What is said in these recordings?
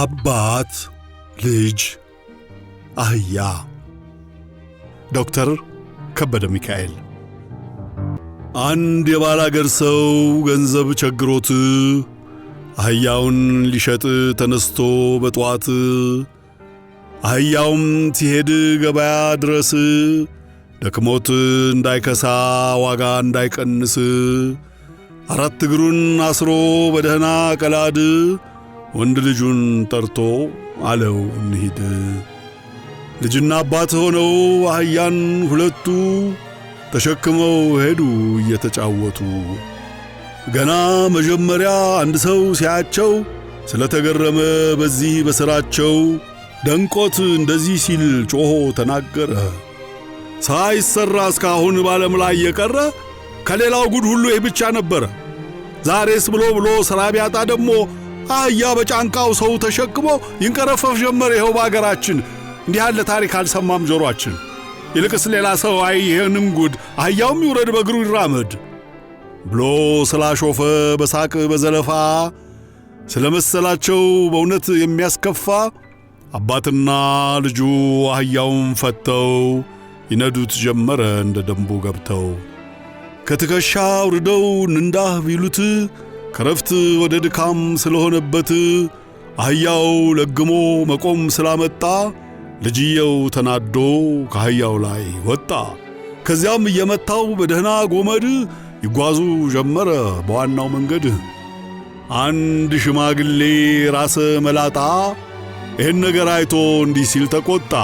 አባት፣ ልጅ፣ አህያ። ዶክተር ከበደ ሚካኤል። አንድ የባላገር ሰው ገንዘብ ቸግሮት አህያውን ሊሸጥ ተነስቶ በጠዋት አህያውም ሲሄድ ገበያ ድረስ ደክሞት እንዳይከሳ ዋጋ እንዳይቀንስ አራት እግሩን አስሮ በደህና ቀላድ ወንድ ልጁን ጠርቶ አለው፣ እንሂድ። ልጅና አባት ሆነው አህያን ሁለቱ ተሸክመው ሄዱ እየተጫወቱ። ገና መጀመሪያ አንድ ሰው ሲያቸው ስለተገረመ በዚህ በሥራቸው ደንቆት እንደዚህ ሲል ጮኾ ተናገረ። ሳይሠራ እስካሁን ባለም ላይ የቀረ ከሌላው ጉድ ሁሉ ይህ ብቻ ነበረ። ዛሬስ ብሎ ብሎ ሥራ ቢያጣ ደግሞ አህያ በጫንቃው ሰው ተሸክሞ ይንቀረፈፍ ጀመር። ይኸው በአገራችን እንዲህ ያለ ታሪክ አልሰማም ጆሯችን። ይልቅስ ሌላ ሰው አይ ይህንም ጉድ አህያውም ይውረድ በእግሩ ይራመድ ብሎ ስላሾፈ በሳቅ በዘለፋ ስለመሰላቸው በእውነት የሚያስከፋ አባትና ልጁ አህያውን ፈተው ይነዱት ጀመረ እንደ ደንቡ ገብተው ከትከሻ አውርደው ንንዳህ ቢሉት ከረፍት ወደ ድካም ስለሆነበት አህያው ለግሞ መቆም ስላመጣ ልጅየው ተናዶ ከአህያው ላይ ወጣ። ከዚያም እየመታው በደህና ጎመድ ይጓዙ ጀመረ በዋናው መንገድ። አንድ ሽማግሌ ራሰ መላጣ ይህን ነገር አይቶ እንዲህ ሲል ተቆጣ።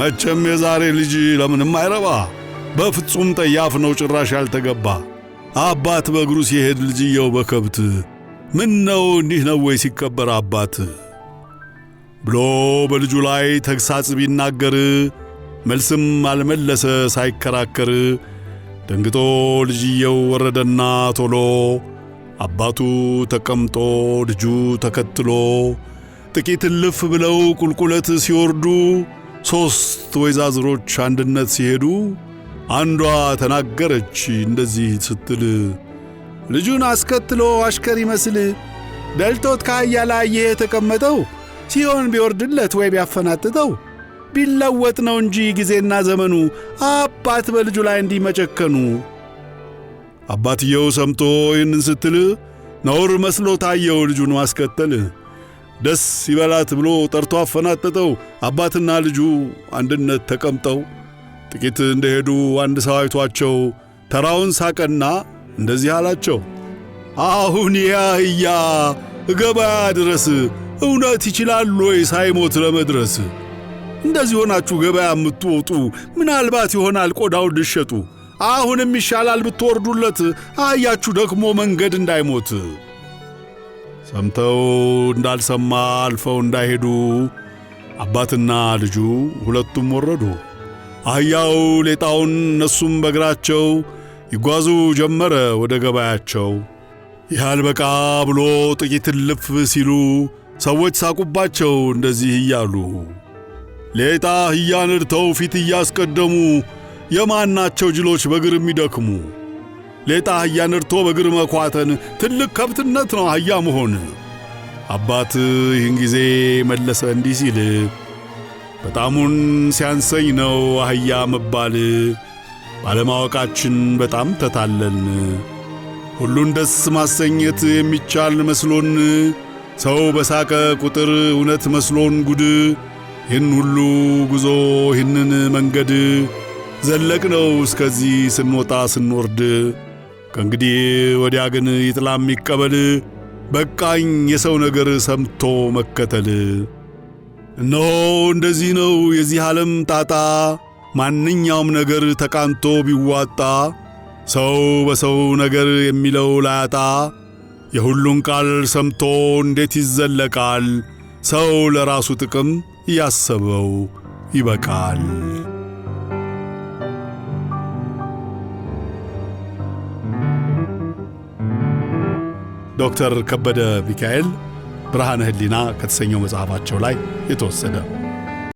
መቼም የዛሬ ልጅ ለምንም አይረባ፣ በፍጹም ጠያፍ ነው፣ ጭራሽ ያልተገባ አባት በእግሩ ሲሄድ ልጅየው በከብት ምን ነው እንዲህ ነው ወይ ሲከበር አባት ብሎ በልጁ ላይ ተግሣጽ ቢናገር መልስም አልመለሰ ሳይከራከር ደንግጦ ልጅየው ወረደና ቶሎ አባቱ ተቀምጦ ልጁ ተከትሎ ጥቂት እልፍ ብለው ቁልቁለት ሲወርዱ ሦስት ወይዛዝሮች አንድነት ሲሄዱ አንዷ ተናገረች እንደዚህ ስትል ልጁን አስከትሎ አሽከር ይመስል ደልቶት ከአህያ ላይ ይሄ የተቀመጠው ሲሆን ቢወርድለት ወይ ቢያፈናጥጠው ቢለወጥ ነው እንጂ ጊዜና ዘመኑ አባት በልጁ ላይ እንዲመጨከኑ። አባትየው ሰምቶ ይህንን ስትል ነውር መስሎ ታየው ልጁን አስከተል ደስ ይበላት ብሎ ጠርቶ አፈናጠጠው። አባትና ልጁ አንድነት ተቀምጠው ጥቂት እንደሄዱ አንድ ሰው አይቷቸው ተራውን ሳቀና እንደዚህ አላቸው፣ አሁን ይህ አህያ ገበያ ድረስ እውነት ይችላል ወይ ሳይሞት ለመድረስ? እንደዚህ ሆናችሁ ገበያ የምትወጡ ምናልባት ይሆናል ቆዳውን ልሸጡ። አሁንም ይሻላል ብትወርዱለት አህያችሁ ደክሞ መንገድ እንዳይሞት። ሰምተው እንዳልሰማ አልፈው እንዳይሄዱ አባትና ልጁ ሁለቱም ወረዱ። አህያው ሌጣውን እነሱም በእግራቸው ይጓዙ ጀመረ ወደ ገበያቸው። ይህ በቃ ብሎ ጥቂት እልፍ ሲሉ ሰዎች ሳቁባቸው እንደዚህ እያሉ ሌጣ አህያ ነድተው ፊት እያስቀደሙ የማን ናቸው ጅሎች በግር የሚደክሙ? ሌጣ አህያ ነድቶ በግር መኳተን ትልቅ ከብትነት ነው አህያ መሆን። አባት ይህን ጊዜ መለሰ እንዲህ ሲል በጣሙን ሲያንሰኝ ነው አህያ መባል። ባለማወቃችን በጣም ተታለን። ሁሉን ደስ ማሰኘት የሚቻል መስሎን ሰው በሳቀ ቁጥር እውነት መስሎን ጉድ ይህን ሁሉ ጉዞ ይህንን መንገድ ዘለቅ ነው እስከዚህ ስንወጣ ስንወርድ። ከእንግዲህ ወዲያ ግን ይጥላም ይቀበል በቃኝ የሰው ነገር ሰምቶ መከተል። እነሆ እንደዚህ ነው የዚህ ዓለም ጣጣ፣ ማንኛውም ነገር ተቃንቶ ቢዋጣ፣ ሰው በሰው ነገር የሚለው ላያጣ፣ የሁሉን ቃል ሰምቶ እንዴት ይዘለቃል? ሰው ለራሱ ጥቅም እያሰበው ይበቃል። ዶክተር ከበደ ሚካኤል ብርሃነ ህሊና ከተሰኘው መጽሐፋቸው ላይ የተወሰደ